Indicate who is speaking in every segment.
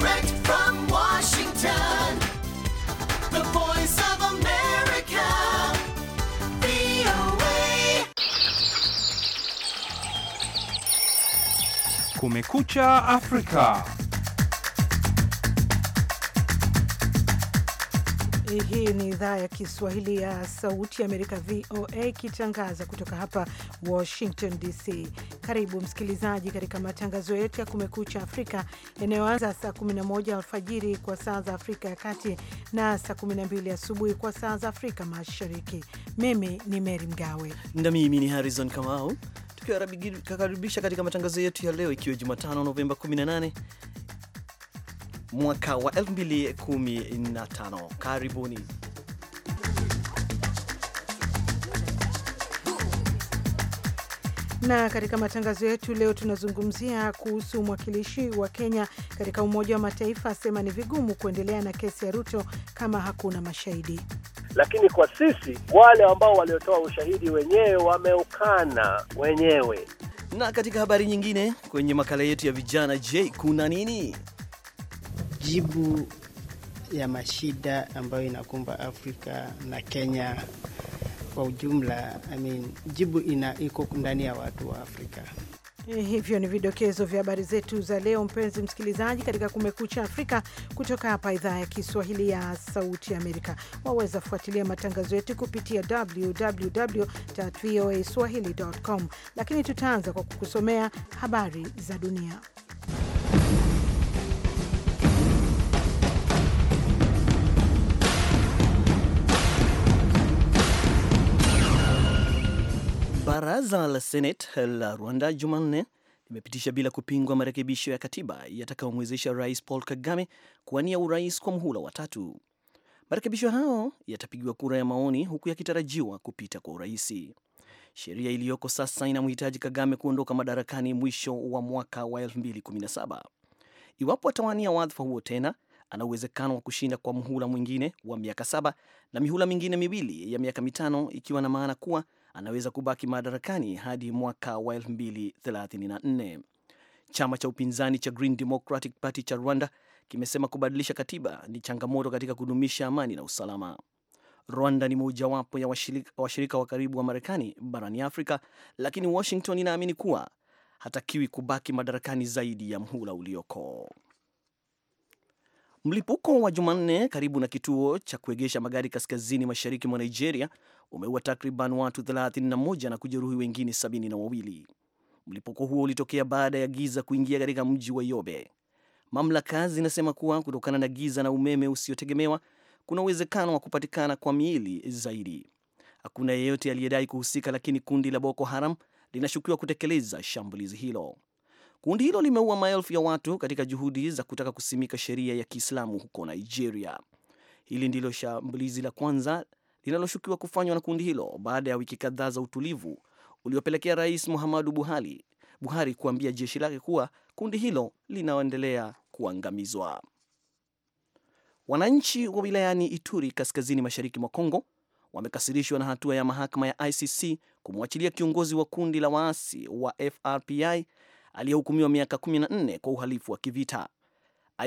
Speaker 1: Direct from Washington, the voice of America, VOA.
Speaker 2: Kumekucha Afrika. Hii ni idhaa ya Kiswahili ya Sauti ya Amerika, VOA, ikitangaza kutoka hapa Washington DC. Karibu msikilizaji katika matangazo yetu ya Kumekucha Afrika yanayoanza saa 11 alfajiri kwa saa za Afrika ya Kati na saa 12 asubuhi kwa saa za Afrika Mashariki. Mimi ni Meri Mgawe
Speaker 3: na mimi ni Harrison Kamau, tukiwakaribisha katika matangazo yetu ya leo, ikiwa Jumatano Novemba 18 mwaka wa 2015. Karibuni.
Speaker 2: Na katika matangazo yetu leo tunazungumzia kuhusu mwakilishi wa Kenya katika Umoja wa Mataifa asema ni vigumu kuendelea na kesi ya Ruto kama hakuna mashahidi.
Speaker 4: Lakini kwa sisi wale ambao waliotoa ushahidi wenyewe wameukana wenyewe.
Speaker 3: Na katika habari nyingine kwenye makala yetu ya vijana, je, kuna nini?
Speaker 5: Jibu ya mashida ambayo inakumba Afrika na Kenya kwa ujumla, I mean, jibu ina iko ndani ya watu wa Afrika.
Speaker 2: Eh, hivyo ni vidokezo vya habari zetu za leo, mpenzi msikilizaji, katika Kumekucha Afrika kutoka hapa idhaa ya Kiswahili ya Sauti Amerika. Waweza fuatilia matangazo yetu kupitia www voa www.voaswahili.com, lakini tutaanza kwa kukusomea habari za dunia.
Speaker 3: Baraza la Senate la Rwanda Jumanne limepitisha bila kupingwa marekebisho ya katiba yatakayomwezesha Rais Paul Kagame kuwania urais kwa muhula wa tatu. Marekebisho hayo yatapigiwa kura ya maoni huku yakitarajiwa kupita kwa urahisi. Sheria iliyoko sasa inamhitaji Kagame kuondoka madarakani mwisho wa mwaka wa 2017. Iwapo atawania wadhifa huo tena, ana uwezekano wa kushinda kwa muhula mwingine wa miaka saba na mihula mingine miwili ya miaka mitano, ikiwa na maana kuwa anaweza kubaki madarakani hadi mwaka wa 2034. Chama cha upinzani cha Green Democratic Party cha Rwanda kimesema kubadilisha katiba ni changamoto katika kudumisha amani na usalama. Rwanda ni mojawapo ya washirika, washirika wa karibu wa Marekani barani Afrika, lakini Washington inaamini kuwa hatakiwi kubaki madarakani zaidi ya mhula ulioko. Mlipuko wa Jumanne karibu na kituo cha kuegesha magari kaskazini mashariki mwa Nigeria umeua takriban watu 31 na kujeruhi wengine sabini na wawili. Mlipuko huo ulitokea baada ya giza kuingia katika mji wa Yobe. Mamlaka zinasema kuwa kutokana na giza na umeme usiotegemewa kuna uwezekano wa kupatikana kwa miili zaidi. Hakuna yeyote aliyedai kuhusika, lakini kundi la Boko Haram linashukiwa kutekeleza shambulizi hilo. Kundi hilo limeua maelfu ya watu katika juhudi za kutaka kusimika sheria ya Kiislamu huko Nigeria. Hili ndilo shambulizi la kwanza linaloshukiwa kufanywa na kundi hilo baada ya wiki kadhaa za utulivu uliopelekea Rais Muhammadu Buhari, Buhari kuambia jeshi lake kuwa kundi hilo linaendelea kuangamizwa. Wananchi wa wilayani Ituri kaskazini mashariki mwa Kongo wamekasirishwa na hatua ya mahakama ya ICC kumwachilia kiongozi wa kundi la waasi wa FRPI aliyehukumiwa miaka 14 kwa uhalifu wa kivita.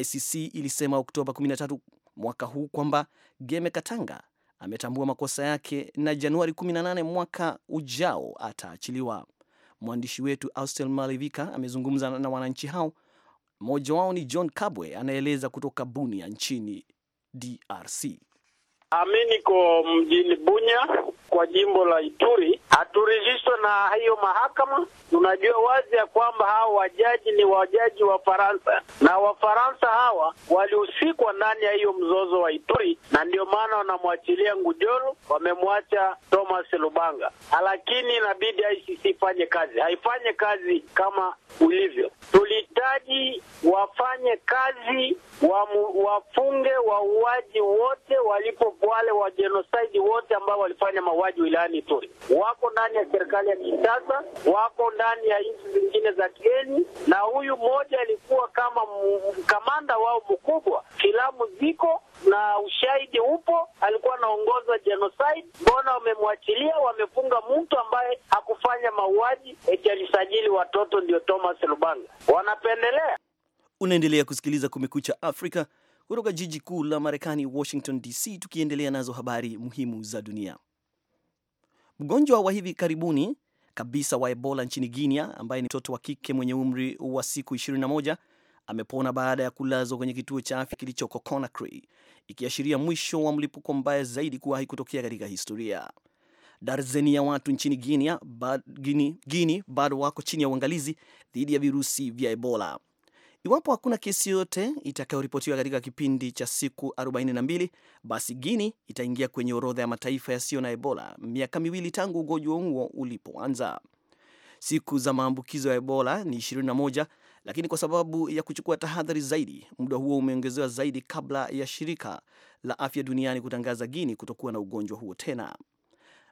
Speaker 3: ICC ilisema Oktoba 13 mwaka huu kwamba Geme Katanga ametambua makosa yake na Januari 18 mwaka ujao ataachiliwa. Mwandishi wetu Austel Malivika amezungumza na wananchi hao. Mmoja wao ni John Kabwe, anaeleza kutoka Bunia nchini DRC.
Speaker 1: Mi niko mjini Bunya kwa jimbo la Ituri haturejishwa na hiyo mahakama. Tunajua wazi ya kwamba hawa wajaji ni wajaji wa Faransa na Wafaransa hawa walihusikwa ndani ya hiyo mzozo wa Ituri, na ndio maana wanamwachilia Ngujolo, wamemwacha Thomas Lubanga, lakini inabidi ICC ifanye kazi, haifanye kazi kama ulivyo. Tulihitaji wafanye kazi mu, wafunge wauaji wote walipo wale wa genocide wote ambao walifanya mauaji mauaji wilayani Ituri. Wako ndani ya serikali ya Kinshasa, wako ndani ya nchi zingine za kigeni, na huyu mmoja alikuwa kama kamanda wao mkubwa. Filamu ziko na ushahidi upo, alikuwa anaongoza genocide. Mbona wamemwachilia? Wamefunga mtu ambaye hakufanya mauaji eti alisajili watoto, ndio Thomas Lubanga. Wanapendelea.
Speaker 3: Unaendelea kusikiliza Kumekucha Afrika kutoka jiji kuu la Marekani, Washington DC, tukiendelea nazo habari muhimu za dunia. Mgonjwa wa hivi karibuni kabisa wa Ebola nchini Guinea ambaye ni mtoto wa kike mwenye umri wa siku 21 amepona baada ya kulazwa kwenye kituo cha afya kilichoko Conakry, ikiashiria mwisho wa mlipuko mbaya zaidi kuwahi kutokea katika historia. Darzeni ya watu nchini Guinea bado wako chini ya uangalizi dhidi ya virusi vya Ebola. Iwapo hakuna kesi yoyote itakayoripotiwa katika kipindi cha siku 42, basi Guini itaingia kwenye orodha ya mataifa yasiyo na Ebola miaka miwili tangu ugonjwa huo ulipoanza. Siku za maambukizo ya Ebola ni 21, lakini kwa sababu ya kuchukua tahadhari zaidi, muda huo umeongezewa zaidi kabla ya shirika la afya duniani kutangaza Guini kutokuwa na ugonjwa huo tena.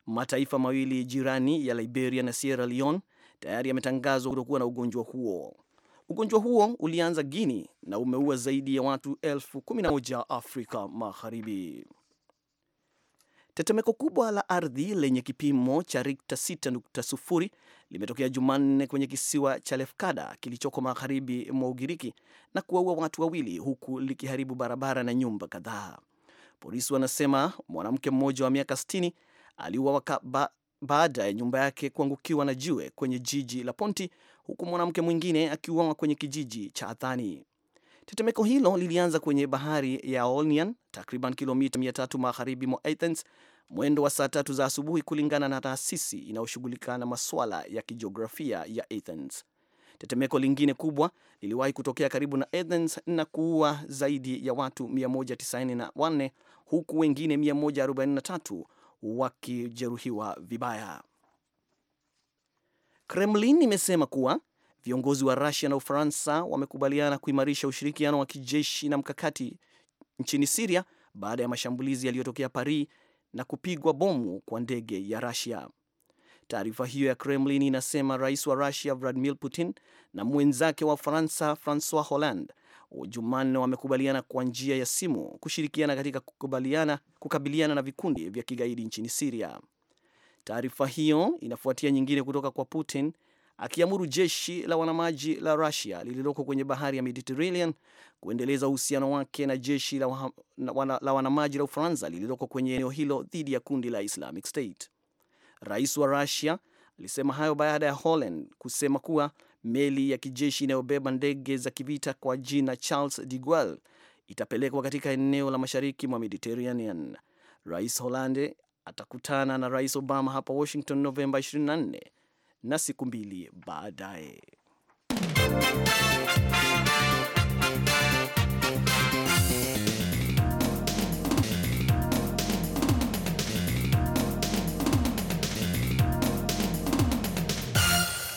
Speaker 3: Mataifa mawili jirani ya Liberia na Sierra Leone tayari yametangazwa kutokuwa na ugonjwa huo. Ugonjwa huo ulianza guini na umeua zaidi ya watu elfu kumi na moja Afrika Magharibi. Tetemeko kubwa la ardhi lenye kipimo cha Rikta 6.0 limetokea Jumanne kwenye kisiwa cha Lefkada kilichoko magharibi mwa Ugiriki na kuwaua watu wawili huku likiharibu barabara na nyumba kadhaa. Polisi wanasema mwanamke mmoja wa miaka 60 aliuawa baada ya nyumba yake kuangukiwa na jiwe kwenye jiji la Ponti, huku mwanamke mwingine akiuawa kwenye kijiji cha Athani. Tetemeko hilo lilianza kwenye bahari ya Aeolian takriban kilomita 300 magharibi mwa Athens mwendo wa saa tatu za asubuhi, kulingana na taasisi inayoshughulika na masuala ya kijiografia ya Athens. Tetemeko lingine kubwa liliwahi kutokea karibu na Athens na kuua zaidi ya watu 194 huku wengine 143 wakijeruhiwa vibaya. Kremlin imesema kuwa viongozi wa Rusia na Ufaransa wamekubaliana kuimarisha ushirikiano wa kijeshi na mkakati nchini Siria baada ya mashambulizi yaliyotokea Paris na kupigwa bomu kwa ndege ya Rusia. Taarifa hiyo ya Kremlin inasema rais wa Rusia Vladimir Putin na mwenzake wa Ufaransa Francois Hollande Jumanne wamekubaliana kwa njia ya simu kushirikiana katika kukubaliana kukabiliana na vikundi vya kigaidi nchini Siria. Taarifa hiyo inafuatia nyingine kutoka kwa Putin akiamuru jeshi la wanamaji la Rusia lililoko kwenye bahari ya Mediterranean kuendeleza uhusiano wake na jeshi la, wana, la wanamaji la Ufaransa lililoko kwenye eneo hilo dhidi ya kundi la Islamic State. Rais wa Rusia alisema hayo baada ya Holland kusema kuwa meli ya kijeshi inayobeba ndege za kivita kwa jina Charles de Gaulle itapelekwa katika eneo la mashariki mwa Mediterranean. Rais Hollande atakutana na Rais Obama hapa Washington Novemba 24 na siku mbili baadaye.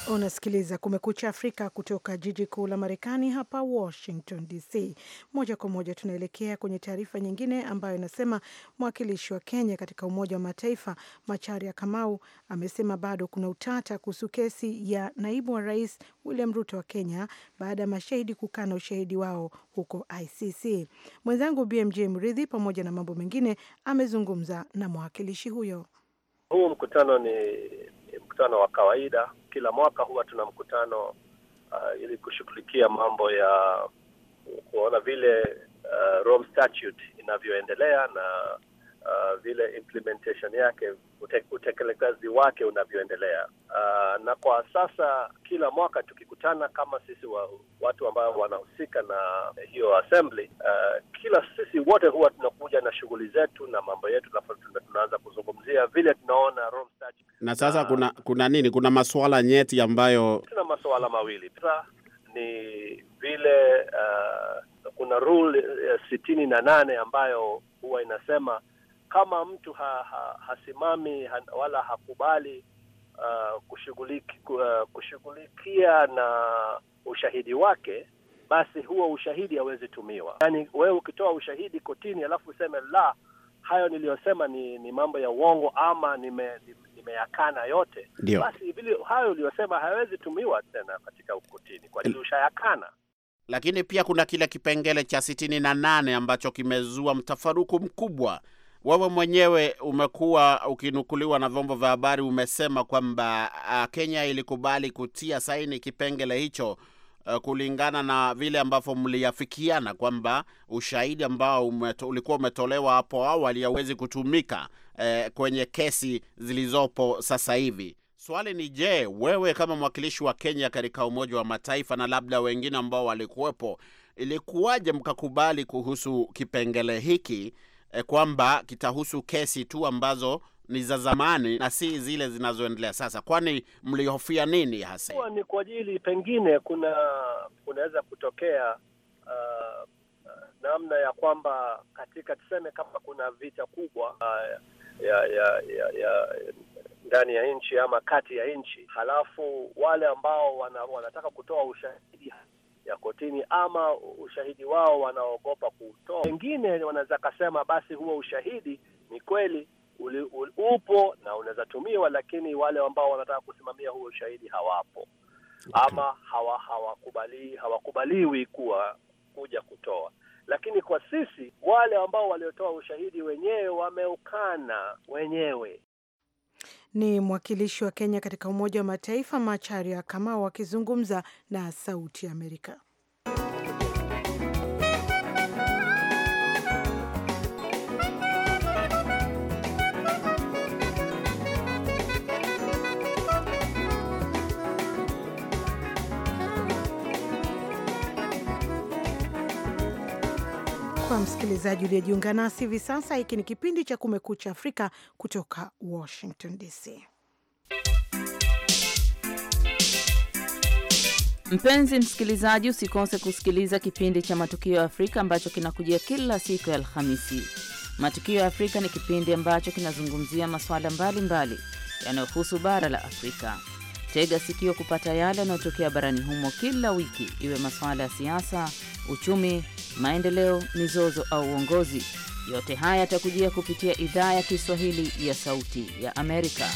Speaker 2: Unasikiliza Kumekucha Afrika kutoka jiji kuu la Marekani, hapa Washington DC. Moja kwa moja tunaelekea kwenye taarifa nyingine ambayo inasema mwakilishi wa Kenya katika Umoja wa Mataifa Macharia Kamau amesema bado kuna utata kuhusu kesi ya naibu wa rais William Ruto wa Kenya baada ya mashahidi kukana ushahidi wao huko ICC. Mwenzangu BMJ Mridhi, pamoja na mambo mengine, amezungumza na mwakilishi huyo.
Speaker 4: Huu mkutano ni mkutano wa kawaida. Kila mwaka huwa tuna mkutano uh, ili kushughulikia mambo ya kuona vile uh, Rome Statute inavyoendelea na uh, vile implementation yake ute, utekelezaji wake unavyoendelea. Uh, na kwa sasa kila mwaka tukikutana kama sisi wa, watu ambao wanahusika na hiyo assembly uh, kila sisi wote huwa tunakuja na shughuli zetu na mambo yetu, tunaanza kuzungumzia vile tunaona Rome Statute.
Speaker 6: Na sasa uh, kuna kuna nini, kuna masuala nyeti ambayo tuna
Speaker 4: masuala mawili Pisa, ni vile uh, kuna rule uh, sitini na nane ambayo huwa inasema kama mtu ha, ha, hasimami ha, wala hakubali uh, kushughuliki, uh, kushughulikia na ushahidi wake, basi huo ushahidi hawezi tumiwa. Yani wewe ukitoa ushahidi kotini alafu useme la, hayo niliyosema ni, ni mambo ya uongo ama nime, nimeyakana yote, Dio. Basi vile hayo uliyosema hayawezi tumiwa tena katika ukotini kwa nini ushayakana
Speaker 6: lakini pia kuna kile kipengele cha sitini na nane ambacho kimezua mtafaruku mkubwa wewe mwenyewe umekuwa ukinukuliwa na vyombo vya habari, umesema kwamba ah, Kenya ilikubali kutia saini kipengele hicho eh, kulingana na vile ambavyo mliafikiana kwamba ushahidi ambao umeto, ulikuwa umetolewa hapo awali hauwezi kutumika eh, kwenye kesi zilizopo sasa hivi. Swali ni je, wewe kama mwakilishi wa Kenya katika Umoja wa Mataifa na labda wengine ambao walikuwepo, ilikuwaje mkakubali kuhusu kipengele hiki Eh, kwamba kitahusu kesi tu ambazo ni za zamani na si zile zinazoendelea sasa. Kwani mlihofia nini hasa?
Speaker 4: Kwa ni kwa ajili pengine kuna kunaweza kutokea uh, uh, namna ya kwamba katika tuseme kama kuna vita kubwa uh, ya, ya, ya, ya ndani ya nchi ama kati ya nchi, halafu wale ambao wana, wanataka kutoa ushahidi ya kotini ama ushahidi wao wanaogopa kuutoa. Wengine wanaweza kasema basi huo ushahidi ni kweli uli, uli, upo na unaweza tumiwa, lakini wale ambao wanataka kusimamia huo ushahidi hawapo ama hawa hawakubali hawakubaliwi kuwa kuja kutoa lakini kwa sisi wale ambao waliotoa ushahidi wenyewe wameukana
Speaker 2: wenyewe. Ni mwakilishi wa Kenya katika Umoja wa Mataifa Macharia Kamau akizungumza na Sauti Amerika. kwa msikilizaji uliyejiunga nasi hivi sasa. Hiki ni kipindi cha Kumekucha Afrika kutoka Washington DC.
Speaker 7: Mpenzi msikilizaji, usikose kusikiliza kipindi cha Matukio ya Afrika ambacho kinakujia kila siku ya Alhamisi. Matukio ya Afrika ni kipindi ambacho kinazungumzia masuala mbalimbali yanayohusu bara la Afrika. Tega sikio kupata yale yanayotokea barani humo kila wiki, iwe masuala ya siasa, uchumi maendeleo, mizozo au uongozi. Yote haya yatakujia kupitia idhaa ya Kiswahili ya Sauti ya Amerika.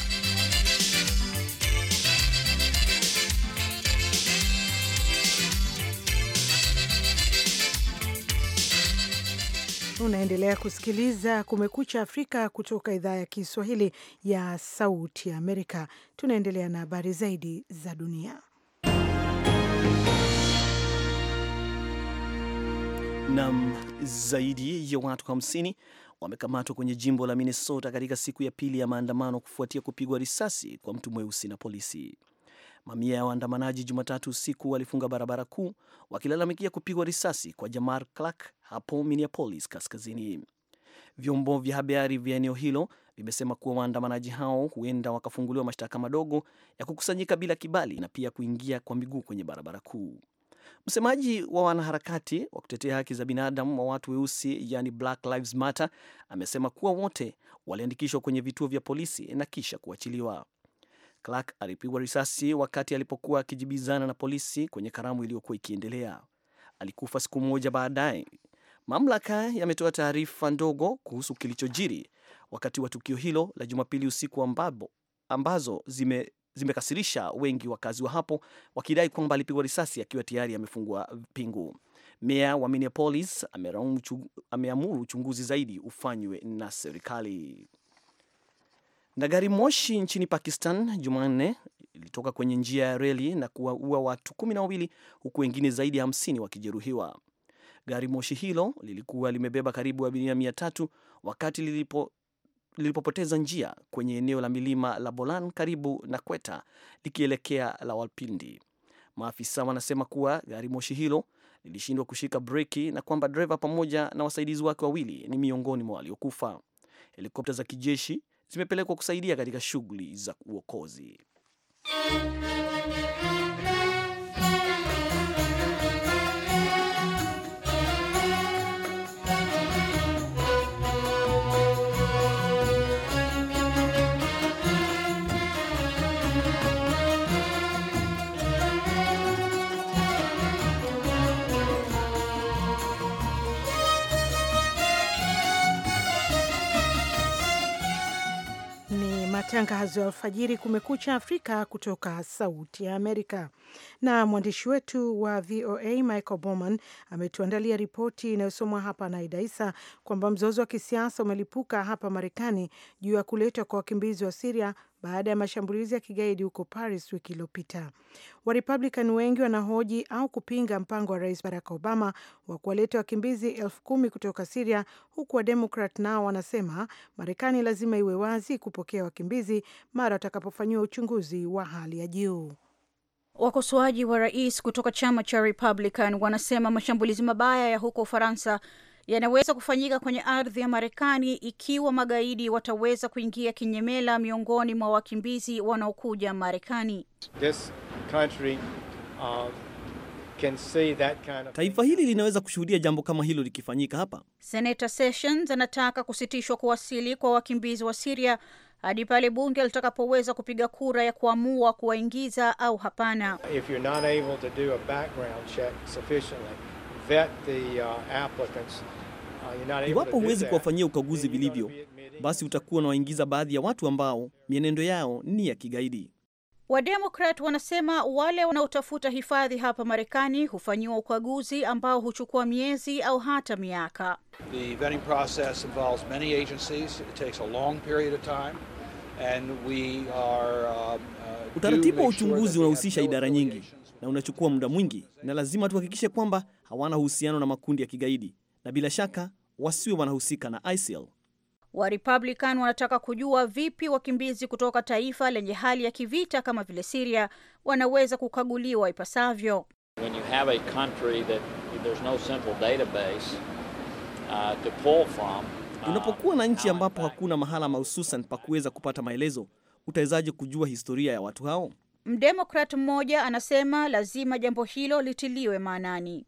Speaker 2: Unaendelea kusikiliza Kumekucha Afrika kutoka idhaa ya Kiswahili ya Sauti ya Amerika. Tunaendelea na habari zaidi za dunia.
Speaker 3: Nam zaidi ya watu 50 wamekamatwa kwenye jimbo la Minnesota katika siku ya pili ya maandamano kufuatia kupigwa risasi kwa mtu mweusi na polisi. Mamia ya waandamanaji Jumatatu usiku walifunga barabara kuu wakilalamikia kupigwa risasi kwa Jamar Clark hapo Minneapolis kaskazini. Vyombo vya habari vya eneo hilo vimesema kuwa waandamanaji hao huenda wakafunguliwa mashtaka madogo ya kukusanyika bila kibali na pia kuingia kwa miguu kwenye barabara kuu. Msemaji wa wanaharakati wa kutetea haki za binadamu wa watu weusi, yani Black Lives Matter, amesema kuwa wote waliandikishwa kwenye vituo vya polisi na kisha kuachiliwa. Clark alipigwa risasi wakati alipokuwa akijibizana na polisi kwenye karamu iliyokuwa ikiendelea. Alikufa siku moja baadaye. Mamlaka yametoa taarifa ndogo kuhusu kilichojiri wakati wa tukio hilo la Jumapili usiku ambazo zime zimekasirisha wengi wakazi wa hapo wakidai kwamba alipigwa risasi akiwa tayari amefungwa pingu. Meya wa Minneapolis ameamuru uchunguzi zaidi ufanywe na serikali. Na gari moshi nchini Pakistan Jumanne ilitoka kwenye njia ya reli na kuwaua watu kumi na wawili huku wengine zaidi ya hamsini wakijeruhiwa. Gari moshi hilo lilikuwa limebeba karibu abiria mia tatu wakati lilipo lilipopoteza njia kwenye eneo la milima la Bolan karibu na Kweta likielekea la Walpindi. Maafisa wanasema kuwa gari moshi hilo lilishindwa kushika breki na kwamba dreva pamoja na wasaidizi wake wawili ni miongoni mwa waliokufa. Helikopta za kijeshi zimepelekwa kusaidia katika shughuli za uokozi.
Speaker 2: Matangazo ya alfajiri, Kumekucha Afrika, kutoka Sauti ya Amerika. Na mwandishi wetu wa VOA Michael Bowman ametuandalia ripoti inayosomwa hapa na Aida Isa kwamba mzozo wa kisiasa umelipuka hapa Marekani juu ya kuletwa kwa wakimbizi wa Siria baada ya mashambulizi ya kigaidi huko Paris wiki iliyopita. Warepublican wengi wanahoji au kupinga mpango wa Rais Barack Obama wa kuwaleta wakimbizi elfu kumi kutoka Siria, huku Wademokrat nao wanasema Marekani lazima iwe wazi
Speaker 7: kupokea wakimbizi mara watakapofanyiwa uchunguzi wa hali ya juu. Wakosoaji wa rais kutoka chama cha Republican wanasema mashambulizi mabaya ya huko Ufaransa yanaweza kufanyika kwenye ardhi ya Marekani ikiwa magaidi wataweza kuingia kinyemela miongoni mwa wakimbizi wanaokuja Marekani.
Speaker 3: Uh, kind of... taifa hili linaweza kushuhudia jambo kama hilo likifanyika hapa.
Speaker 7: Senata Sessions anataka kusitishwa kuwasili kwa wakimbizi wa Siria hadi pale bunge litakapoweza kupiga kura ya kuamua kuwaingiza au hapana.
Speaker 5: If you're not able to do a background check sufficiently Uh,
Speaker 3: uh, iwapo huwezi kuwafanyia ukaguzi vilivyo, basi utakuwa unawaingiza baadhi ya watu ambao mienendo yao ni ya kigaidi.
Speaker 7: Wademokrat wanasema wale wanaotafuta hifadhi hapa Marekani hufanyiwa ukaguzi ambao huchukua miezi au hata miaka.
Speaker 4: Um, uh,
Speaker 3: Utaratibu wa uchunguzi unahusisha idara nyingi na unachukua muda mwingi, na lazima tuhakikishe kwamba hawana uhusiano na makundi ya kigaidi na bila shaka wasiwe wanahusika na ISIL.
Speaker 7: Wa Republican wanataka kujua vipi wakimbizi kutoka taifa lenye hali ya kivita kama vile Syria wanaweza kukaguliwa ipasavyo. When
Speaker 6: you have a country that
Speaker 7: there's no central
Speaker 6: database uh, to pull from
Speaker 3: uh, unapokuwa na nchi ambapo hakuna mahala mahususan pa kuweza kupata maelezo, utawezaje kujua historia ya watu hao?
Speaker 7: Mdemokrat mmoja anasema lazima jambo hilo litiliwe maanani.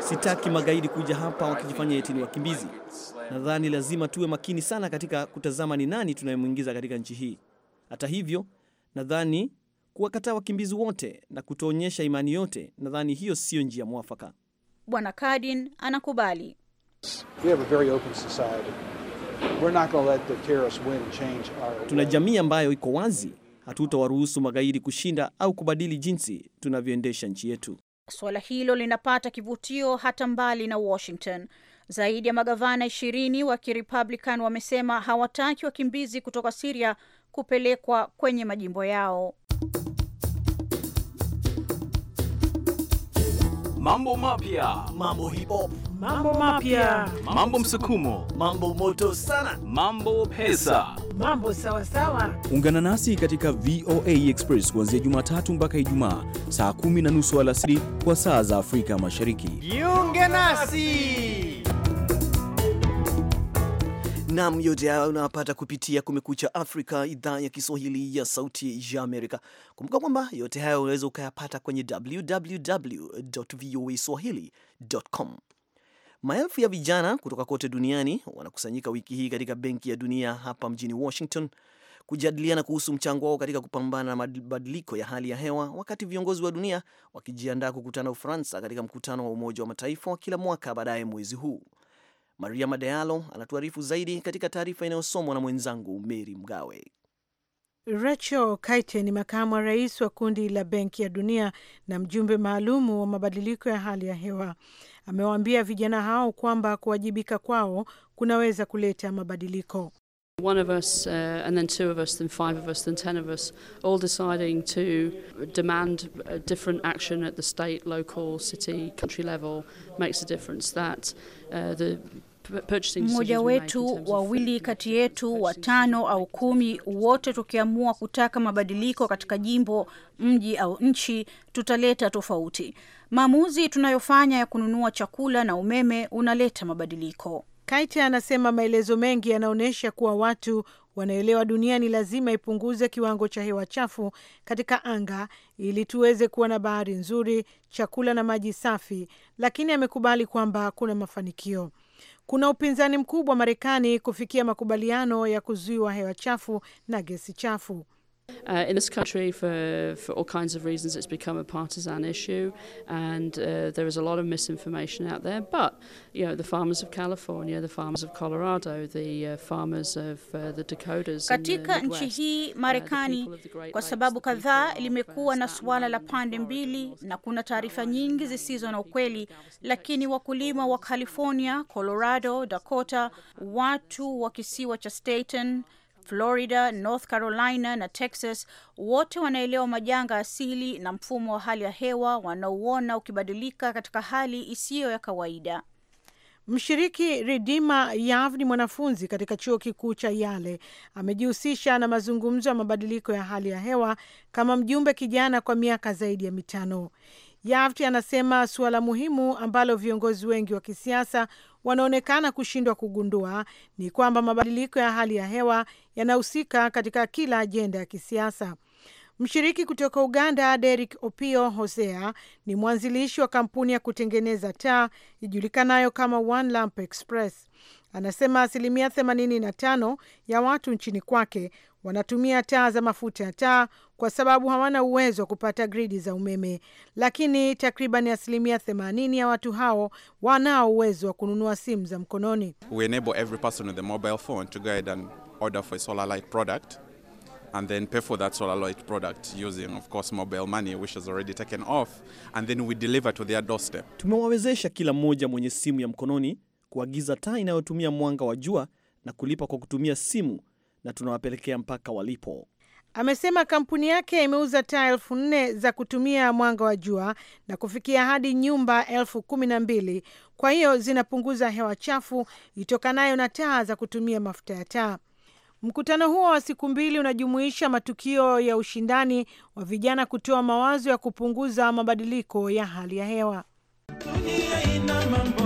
Speaker 3: Sitaki magaidi kuja hapa wakijifanya eti ni wakimbizi. Nadhani lazima tuwe makini sana katika kutazama ni nani tunayemwingiza katika nchi hii. Hata hivyo, nadhani kuwakataa wakimbizi wote na kutoonyesha imani yote, nadhani hiyo siyo njia mwafaka.
Speaker 7: Bwana Cardin anakubali.
Speaker 4: Tuna
Speaker 3: jamii ambayo iko wazi, hatutawaruhusu magaidi kushinda au kubadili jinsi tunavyoendesha nchi yetu.
Speaker 7: Suala hilo linapata kivutio hata mbali na Washington. Zaidi ya magavana ishirini wa Kirepublican wamesema hawataki wakimbizi kutoka Siria kupelekwa kwenye majimbo yao.
Speaker 3: Mambo mapya, mambo hip hop
Speaker 7: mambo mapya,
Speaker 3: mambo msukumo, mambo moto sana, mambo pesa,
Speaker 2: mambo sawa sawa.
Speaker 3: Ungana nasi katika VOA Express kuanzia Jumatatu mpaka Ijumaa saa kumi na nusu alasiri kwa saa za Afrika Mashariki.
Speaker 1: Jiunge nasi
Speaker 3: nam yote hayo unapata kupitia Kumekucha Afrika, idhaa ya Kiswahili ya Sauti ya Amerika. Kumbuka kwamba yote hayo unaweza ukayapata kwenye www voa Maelfu ya vijana kutoka kote duniani wanakusanyika wiki hii katika Benki ya Dunia hapa mjini Washington kujadiliana kuhusu mchango wao katika kupambana na mabadiliko ya hali ya hewa, wakati viongozi wa dunia wakijiandaa kukutana Ufaransa katika mkutano wa Umoja wa Mataifa wa kila mwaka baadaye mwezi huu. Maria Madealo anatuarifu zaidi katika taarifa inayosomwa na mwenzangu Meri Mgawe.
Speaker 2: Rachel Kaite ni makamu wa rais wa kundi la Benki ya Dunia na mjumbe maalumu wa mabadiliko ya hali ya hewa amewaambia vijana hao kwamba kuwajibika kwao kunaweza kuleta mabadiliko.
Speaker 7: One of us, uh, and then two of us, then five of us, then ten of us, all deciding to demand a different action at the state, local, city, country level makes a difference. That uh, the mmoja wetu wawili kati yetu watano au kumi, wote tukiamua kutaka mabadiliko katika jimbo, mji au nchi, tutaleta tofauti. Maamuzi tunayofanya ya kununua chakula na umeme unaleta mabadiliko. Kaite anasema
Speaker 2: maelezo mengi yanaonyesha kuwa watu wanaelewa dunia ni lazima ipunguze kiwango cha hewa chafu katika anga ili tuweze kuwa na bahari nzuri, chakula na maji safi, lakini amekubali kwamba kuna mafanikio. Kuna upinzani mkubwa Marekani kufikia makubaliano ya kuzuiwa hewa chafu na gesi chafu.
Speaker 7: Uh, in this country, for, for all kinds of reasons, it's become a partisan issue, and uh, there is a lot of misinformation out there. But you know, the farmers of California, the farmers of Colorado, the uh, farmers of uh, the Dakotas. Katika uh, the nchi hii Marekani, kwa sababu kadhaa limekuwa na suala la pande mbili, na kuna taarifa nyingi zisizo na ukweli, lakini wakulima wa California, Colorado, Dakota, watu wa kisiwa cha Staten Florida, North Carolina na Texas wote wanaelewa majanga asili na mfumo wa hali ya hewa wanaouona ukibadilika katika hali isiyo ya kawaida. Mshiriki Ridima Yav ni
Speaker 2: mwanafunzi katika chuo kikuu cha Yale. Amejihusisha na mazungumzo ya mabadiliko ya hali ya hewa kama mjumbe kijana kwa miaka zaidi ya mitano. Yavti anasema suala muhimu ambalo viongozi wengi wa kisiasa wanaonekana kushindwa kugundua ni kwamba mabadiliko ya hali ya hewa yanahusika katika kila ajenda ya kisiasa. Mshiriki kutoka Uganda, Derek Opio Hosea, ni mwanzilishi wa kampuni ya kutengeneza taa ijulikanayo kama One Lamp Express. Anasema asilimia 85 ya watu nchini kwake wanatumia taa za mafuta ya taa kwa sababu hawana uwezo wa kupata gridi za umeme, lakini takriban asilimia 80 ya watu hao wanao uwezo wa kununua simu za mkononi.
Speaker 6: We enable every person with a mobile phone to go ahead and order for a solar light product and then pay for that solar light product using of course mobile money which has already taken off and then we deliver to their doorstep.
Speaker 3: Tumewawezesha kila mmoja mwenye simu ya mkononi kuagiza taa inayotumia mwanga wa jua na kulipa kwa kutumia simu na tunawapelekea mpaka walipo.
Speaker 2: Amesema kampuni yake imeuza taa elfu nne za kutumia mwanga wa jua na kufikia hadi nyumba elfu kumi na mbili. Kwa hiyo zinapunguza hewa chafu itokanayo na taa za kutumia mafuta ya taa. Mkutano huo wa siku mbili unajumuisha matukio ya ushindani wa vijana kutoa mawazo ya kupunguza mabadiliko ya hali ya hewa. Dunia ina mambo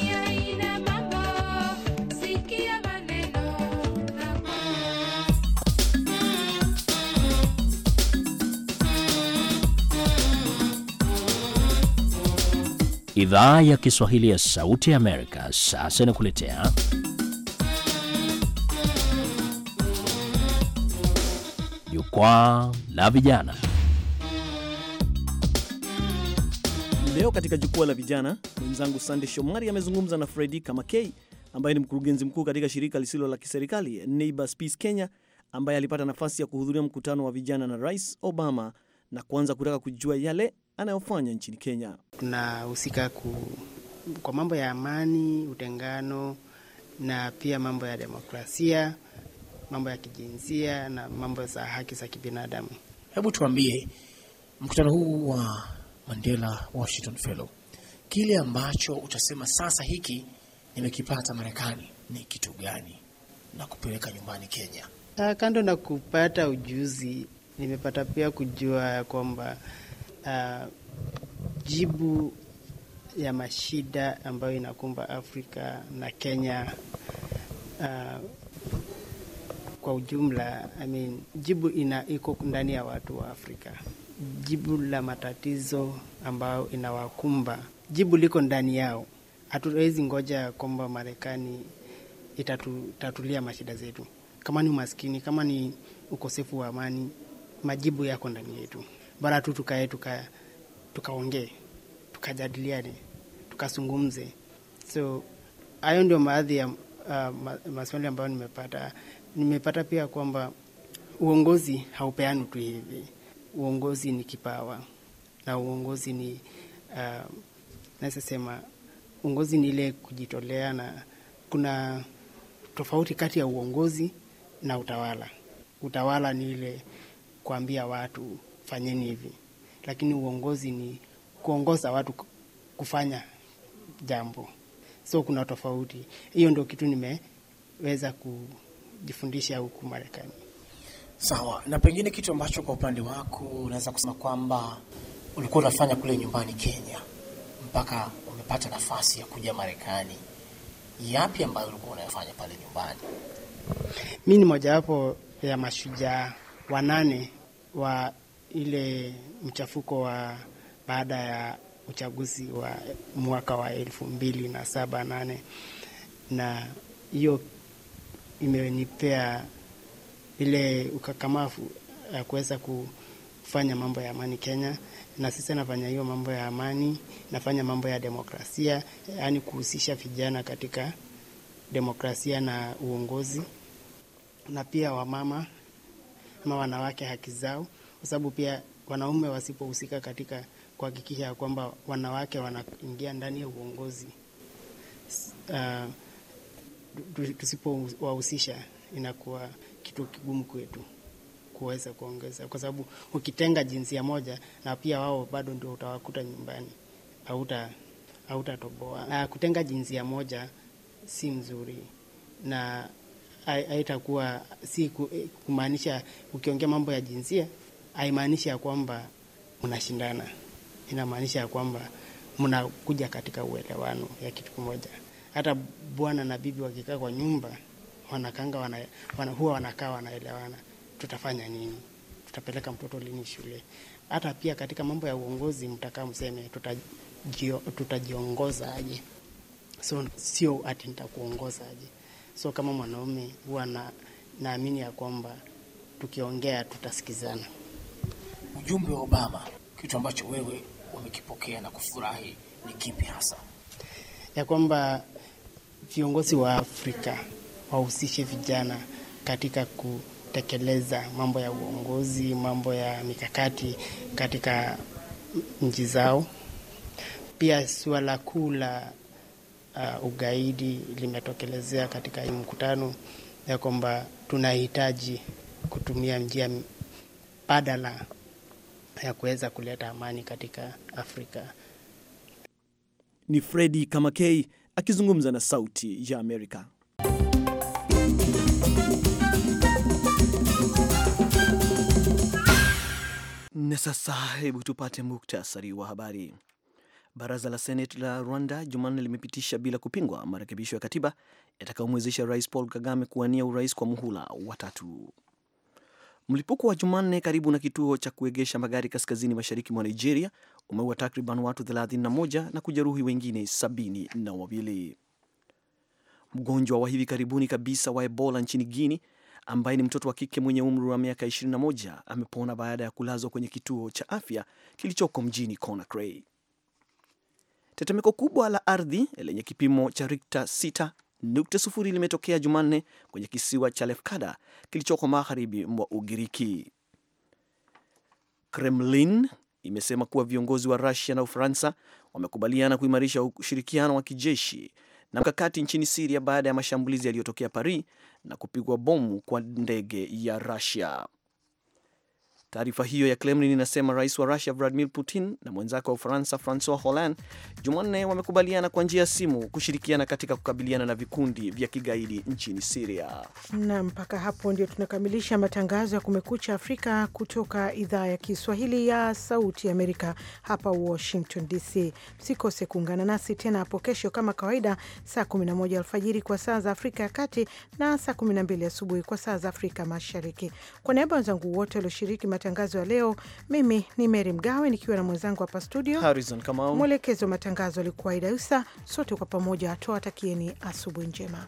Speaker 3: Idhaa ya Kiswahili ya Sauti ya Amerika sasa inakuletea
Speaker 5: Jukwaa la Vijana.
Speaker 3: Leo katika Jukwaa la Vijana, mwenzangu Sande Shomari amezungumza na Fredi Kamakei ambaye ni mkurugenzi mkuu katika shirika lisilo la kiserikali Neighbors Peace Kenya, ambaye alipata nafasi ya kuhudhuria mkutano wa vijana na Rais Obama na kuanza kutaka kujua yale anayofanya nchini Kenya. Tunahusika ku, kwa mambo ya
Speaker 5: amani, utengano na pia mambo ya demokrasia, mambo ya kijinsia na mambo za haki za kibinadamu. Hebu tuambie, mkutano huu wa Mandela Washington Fellow, kile ambacho utasema sasa hiki nimekipata Marekani ni kitu gani na kupeleka nyumbani Kenya? Ah, kando na kupata ujuzi, nimepata pia kujua ya kwamba uh, jibu ya mashida ambayo inakumba Afrika na Kenya uh, kwa ujumla I mean, jibu ina iko ndani ya watu wa Afrika. Jibu la matatizo ambayo inawakumba, jibu liko ndani yao. Hatuwezi ngoja kwamba Marekani itatulia mashida zetu. Kama ni umaskini, kama ni ukosefu wa amani, majibu yako ndani yetu bara tu tukae tuka tukaongee tukajadiliane tukazungumze. So hayo ndio baadhi ya uh, maswali ambayo nimepata. Nimepata pia kwamba uongozi haupeanu tu hivi. Uongozi ni kipawa na uongozi ni uh, naweza uongozi ni ile kujitolea, na kuna tofauti kati ya uongozi na utawala. Utawala ni ile kuambia watu fanyeni hivi, lakini uongozi ni kuongoza watu kufanya jambo, so kuna tofauti hiyo. Ndio kitu nimeweza kujifundisha huku Marekani. Sawa. Na pengine kitu ambacho kwa upande wako unaweza kusema kwamba ulikuwa unafanya kule nyumbani Kenya mpaka umepata nafasi ya kuja Marekani, yapi ambayo ulikuwa unayofanya pale nyumbani? Mi ni mojawapo ya mashujaa wanane wa ile mchafuko wa baada ya uchaguzi wa mwaka wa elfu mbili na saba nane, na hiyo imenipea ile ukakamafu ya kuweza kufanya mambo ya amani Kenya, na sisi nafanya hiyo mambo ya amani, nafanya mambo ya demokrasia, yaani kuhusisha vijana katika demokrasia na uongozi, na pia wamama ama wanawake haki zao kwa sababu pia wanaume wasipohusika katika kuhakikisha ya kwamba wanawake wanaingia ndani ya uongozi uh, tusipowahusisha inakuwa kitu kigumu kwetu kuweza kuongeza, kwa sababu ukitenga jinsia moja na pia wao bado ndio utawakuta nyumbani, hautatoboa Uh, kutenga jinsia moja si mzuri na haitakuwa si eh, kumaanisha ukiongea mambo ya jinsia haimaanishi ya kwamba mnashindana, inamaanisha ya kwamba mnakuja katika uelewano ya kitu kimoja. Hata bwana na bibi wakikaa kwa nyumba wanakanga wana, wana, huwa wanakaa wanaelewana, tutafanya nini, tutapeleka mtoto lini shule. Hata pia katika mambo ya uongozi mtakaa mseme tutajio, tutajiongoza aje, so sio ati nitakuongoza aje. So kama mwanaume huwa na naamini ya kwamba tukiongea tutasikizana ujumbe wa Obama, kitu ambacho wewe umekipokea na kufurahi ni kipi hasa? Ya kwamba viongozi wa Afrika wahusishe vijana katika kutekeleza mambo ya uongozi, mambo ya mikakati katika nchi zao. Pia suala kuu la uh, ugaidi limetokelezea katika hii mkutano ya kwamba tunahitaji kutumia njia badala ya kuweza kuleta amani katika Afrika.
Speaker 3: Ni Fredi Kamakei akizungumza na Sauti ya Amerika. Na sasa hebu tupate muktasari wa habari. Baraza la Seneti la Rwanda Jumanne limepitisha bila kupingwa marekebisho ya katiba yatakayomwezesha Rais Paul Kagame kuwania urais kwa muhula wa tatu. Mlipuko wa Jumanne karibu na kituo cha kuegesha magari kaskazini mashariki mwa Nigeria umeua takriban watu 31 na kujeruhi wengine sabini na wawili. Mgonjwa wa hivi karibuni kabisa wa Ebola nchini guini ambaye ni mtoto wa kike mwenye umri wa miaka 21 amepona baada ya kulazwa kwenye kituo cha afya kilichoko mjini Conakry. Tetemeko kubwa la ardhi lenye kipimo cha Richter nukta sufuri limetokea Jumanne kwenye kisiwa cha Lefkada kilichoko magharibi mwa Ugiriki. Kremlin imesema kuwa viongozi wa Rusia na Ufaransa wamekubaliana kuimarisha ushirikiano wa kijeshi na mkakati nchini Siria baada ya mashambulizi yaliyotokea Paris na kupigwa bomu kwa ndege ya Rusia. Taarifa hiyo ya Kremlin inasema rais wa Rusia Vladimir Putin na mwenzake wa Ufaransa Francois Hollande Jumanne wamekubaliana kwa njia ya simu kushirikiana katika kukabiliana na vikundi vya kigaidi nchini Siria.
Speaker 2: Na mpaka hapo ndio tunakamilisha matangazo ya Kumekucha Afrika kutoka idhaa ya Kiswahili ya Sauti Amerika hapa Washington DC. Msikose kuungana nasi tena hapo kesho kama kawaida, saa 11 alfajiri kwa saa za Afrika ya Kati na saa 12 asubuhi kwa saa za Afrika Mashariki. Kwa niaba wenzangu wote walioshiriki matangazo ya leo. Mimi ni Mary Mgawe nikiwa na mwenzangu hapa studio
Speaker 3: Harrison Kamau. Mwelekezi
Speaker 2: wa matangazo alikuwa Idausa. Sote kwa pamoja tuwatakieni asubuhi njema.